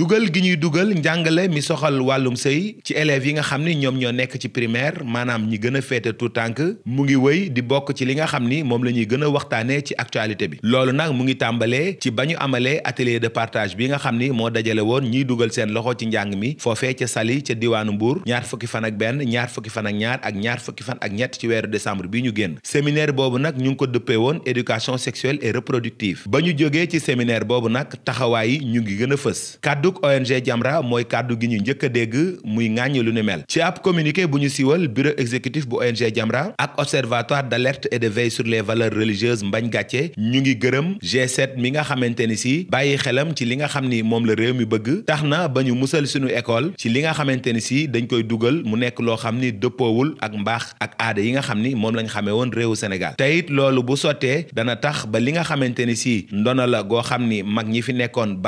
dugal gi ñuy dugal njàngale mi soxal wàllum sëy ci élèves yi nga xam ni ñoom ñoo nekk ci primaire maanaam ñi gën a féete tànk mu ngi wëy di bokk ci li nga xam ni moom la ñuy gën a waxtaanee ci actualité bi loolu nag mu ngi tàmbalee ci ba ñu amalee atelier de partage bi nga xam ni moo dajale woon ñiy dugal seen loxo ci njàng mi foofee ca Saly ca diwaanu Mbour ñaar fukki fan ak benn ñaar fukki fan ak ñaar ak ñaar fukki ñett ci weeru décembre bi ñu génn séminaire boobu nag ko dëppee woon éducation sexuelle et reproductive ba ñu jógee ci séminaire boobu nag taxawaay ñu ngi gën a fës kàddug ONG Jamra mooy kàddu gi ñu njëkk a dégg muy ŋàññi lu ni mel ci ab communiqué bu ñu siiwal bureau exécutif bu ONG Jamra ak observatoire d'alerte et de veille sur les valeurs religieuses Mbagne Gàcce ñu ngi gërëm G7 mi nga xamante ni si bàyyi xelam ci li nga xam ni moom la réew mi bëgg tax na ba ñu musal suñu école ci li nga xamante ni si dañ koy dugal mu nekk loo xam ni dëppoowul ak mbaax ak aada yi nga xam ni moom lañ xamee woon réewu Sénégal t it loolu tax ba li nga xamante si goo xam ni ñi fi nekkoon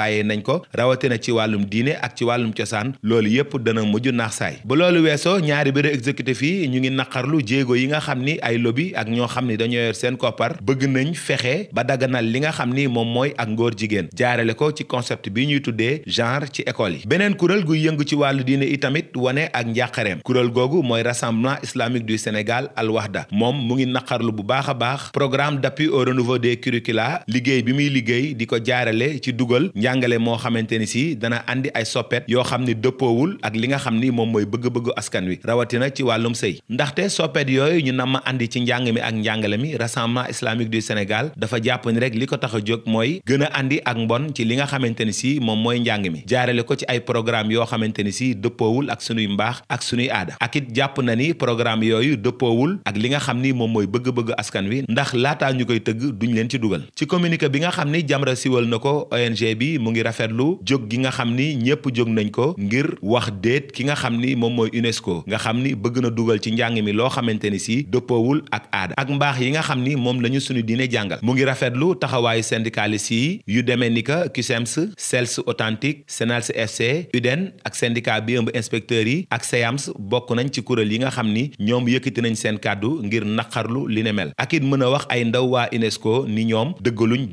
ci wàllum diine ak ci wàllum cosaan loolu yépp dana mujj naax saay bu loolu weesoo ñaari bureau exécutif yi ñu ngi naqarlu jéego yi nga xam ni ay lobi ak ñoo xam ni dañoo yor seen koppar bëgg nañ fexe ba daganal li nga xam ni moom mooy ak ngóor jigéen jaarale ko ci concept bi ñuy tuddee genre ci école yi beneen kuréel guy yëng ci wàllu diine itamit wane ak njàqareem kuréel googu mooy rassemblement islamique du Sénégal al wahda moom mu ngi naqarlu bu baax a baax programme d'appui au renouveau des curricula liggéey bi muy liggéey di ko jaarale ci dugal njàngale moo xamante ni si bi dana andi ay soppet yoo xam ni dëppoowul ak li nga xam ni moom mooy bëgg-bëggu askan wi rawatina ci wàllum sëy ndaxte soppet yooyu ñu namm andi ci njàng mi ak njàngale mi rassemblement islamique du Sénégal dafa jàpp rek li ko tax a jóg mooy gën a andi ak mbon ci li nga xamante ni si moom mooy njàng mi jaarale ko ci ay programme yoo xamante ni si dëppoowul ak sunuy mbaax ak sunuy aada ak it jàpp na ni programme yooyu dëppoowul ak li nga xam ni moom mooy bëgg-bëgg askan wi ndax laataa ñu koy tëgg duñ leen ci dugal ci communiqué bi nga xam ni Jamra siwal na ko ONG bi mu ngi rafetlu jóg gi nga xam ni ñëpp jóg nañ ko ngir wax déet ki nga xam ni moom mooy UNESCO nga xam ni bëgg na dugal ci njàng mi loo xamante ni si dëppoowul ak aada ak mbaax yi nga xam ni moom la ñu suñu diine jàngal mu ngi rafetlu taxawaayu syndicaliste yi yu demee ni ka CUSEMS CELS authentique SENALS FC UDEN ak syndicat bi ëmb inspecteurs yi ak SEAMS bokk nañ ci kuréel yi nga xam ni ñoom yëkkati nañ seen kàddu ngir naqarlu li ne mel ak it mën a wax ay ndaw waa UNESCO ni ñoom dëggaluñ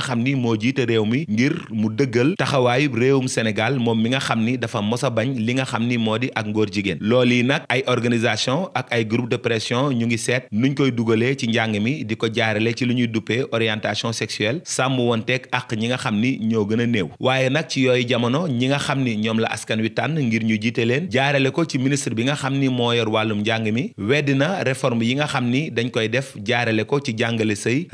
nga xam ni moo réew mi ngir mu dëggal taxawaayu réewum Sénégal moom mi nga xam ni dafa mos a bañ li nga xam ni moo di ak ngóor jigéen loolu yi nag ay organisation ak ay groupe de pression ñu ngi seet nuñ koy dugalee ci njàng mi di ko jaarale ci lu ñuy duppee orientation sexuelle sàmm wonteeg ak ñi nga xam ni ñoo gën a néew waaye nag ci yooyu jamono ñi nga xam ni ñoom la askan wi tànn ngir ñu jiite leen jaarale ko ci ministre bi nga xam ni moo yor wàllum njàng mi weddi na réforme yi nga xam ni dañ koy def jaarale ko ci jàngale sëy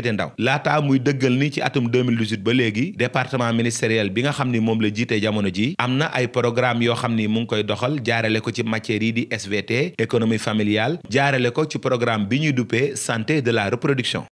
féete ndaw laataa muy dëggal ni ci atum 2018 ba léegi département ministériel bi nga xam ni moom la jiite jamono ji am na ay programme yoo xam ni mu ngi koy doxal jaarale ko ci matière yi di SVT économie familiale jaarale ko ci programme bi ñuy duppee santé de la reproduction